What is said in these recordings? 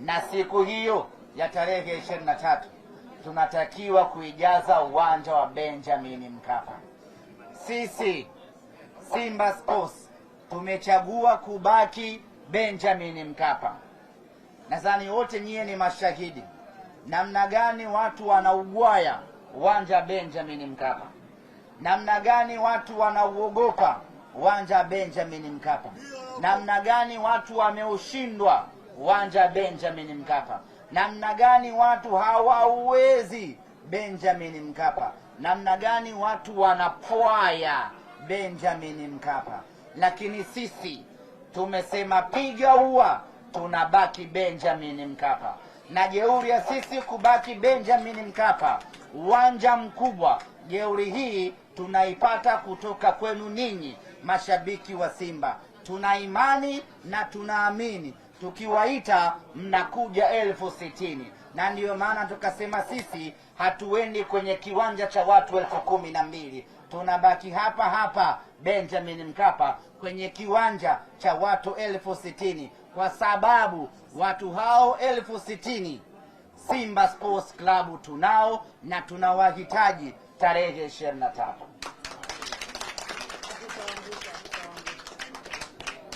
na siku hiyo ya tarehe ishirini na tatu tunatakiwa kuijaza uwanja wa Benjamin Mkapa. Sisi Simba Sports tumechagua kubaki Benjamin Mkapa. Nadhani wote nyie ni mashahidi namna gani watu wanaugwaya uwanja wa Benjamin Mkapa, namna gani watu wanauogopa uwanja wa Benjamin Mkapa, namna gani watu wameushindwa uwanja Benjamin Mkapa. Namna gani watu hawauwezi Benjamin Mkapa, namna gani watu wanapwaya Benjamin Mkapa, lakini sisi tumesema piga huwa tunabaki Benjamin Mkapa. Na jeuri ya sisi kubaki Benjamin Mkapa, uwanja mkubwa, jeuri hii tunaipata kutoka kwenu ninyi mashabiki wa Simba tuna imani na tunaamini tukiwaita mnakuja elfu sitini na ndiyo maana tukasema sisi hatuendi kwenye kiwanja cha watu elfu kumi na mbili tunabaki hapa hapa Benjamin Mkapa kwenye kiwanja cha watu elfu sitini kwa sababu watu hao elfu sitini Simba Sports Club tunao na tunawahitaji tarehe ishirini na tatu.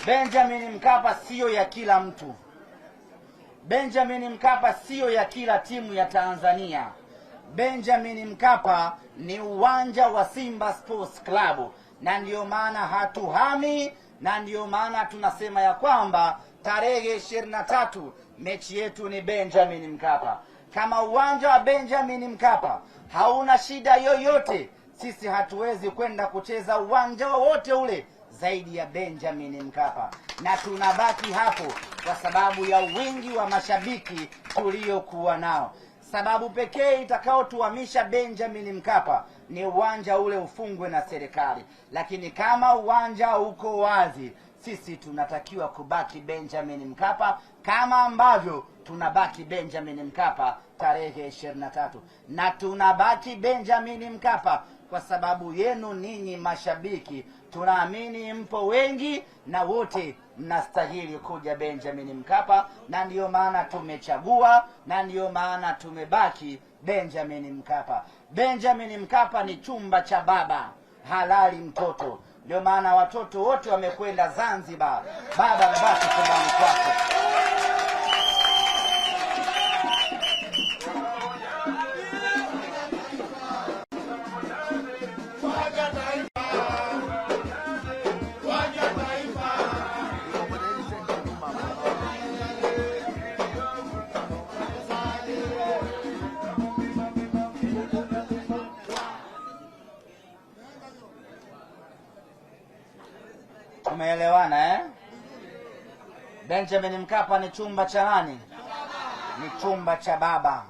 Benjamin Mkapa siyo ya kila mtu. Benjamin Mkapa siyo ya kila timu ya Tanzania. Benjamin Mkapa ni uwanja wa Simba Sports Club, na ndiyo maana hatuhami, na ndiyo maana tunasema ya kwamba tarehe ishirini na tatu mechi yetu ni Benjamin Mkapa. Kama uwanja wa Benjamin Mkapa hauna shida yoyote, sisi hatuwezi kwenda kucheza uwanja wowote ule zaidi ya Benjamin Mkapa, na tunabaki hapo kwa sababu ya wingi wa mashabiki tuliokuwa nao. Sababu pekee itakayotuhamisha Benjamin Mkapa ni uwanja ule ufungwe na serikali, lakini kama uwanja uko wazi, sisi tunatakiwa kubaki Benjamin Mkapa kama ambavyo tunabaki Benjamin Mkapa tarehe 23 na tunabaki Benjamin Mkapa kwa sababu yenu ninyi mashabiki. Tunaamini mpo wengi na wote mnastahili kuja Benjamin Mkapa, na ndiyo maana tumechagua na ndiyo maana tumebaki Benjamin Mkapa. Benjamin Mkapa ni chumba cha baba halali mtoto. Ndio maana watoto wote wamekwenda Zanzibar, baba mbaki chumbani kwako. Tumeelewana eh? Benjamin Mkapa ni chumba cha nani? Ni chumba cha baba,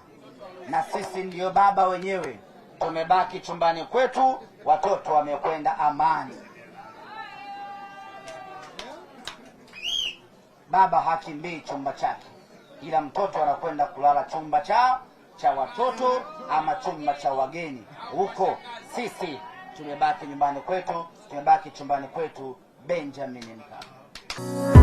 na sisi ndiyo baba wenyewe. Tumebaki chumbani kwetu, watoto wamekwenda amani. Baba hakimbii chumba chake, ila mtoto anakwenda kulala chumba cha cha watoto ama chumba cha wageni huko. Sisi tumebaki nyumbani kwetu, tumebaki chumbani kwetu. Benjamin Incarno.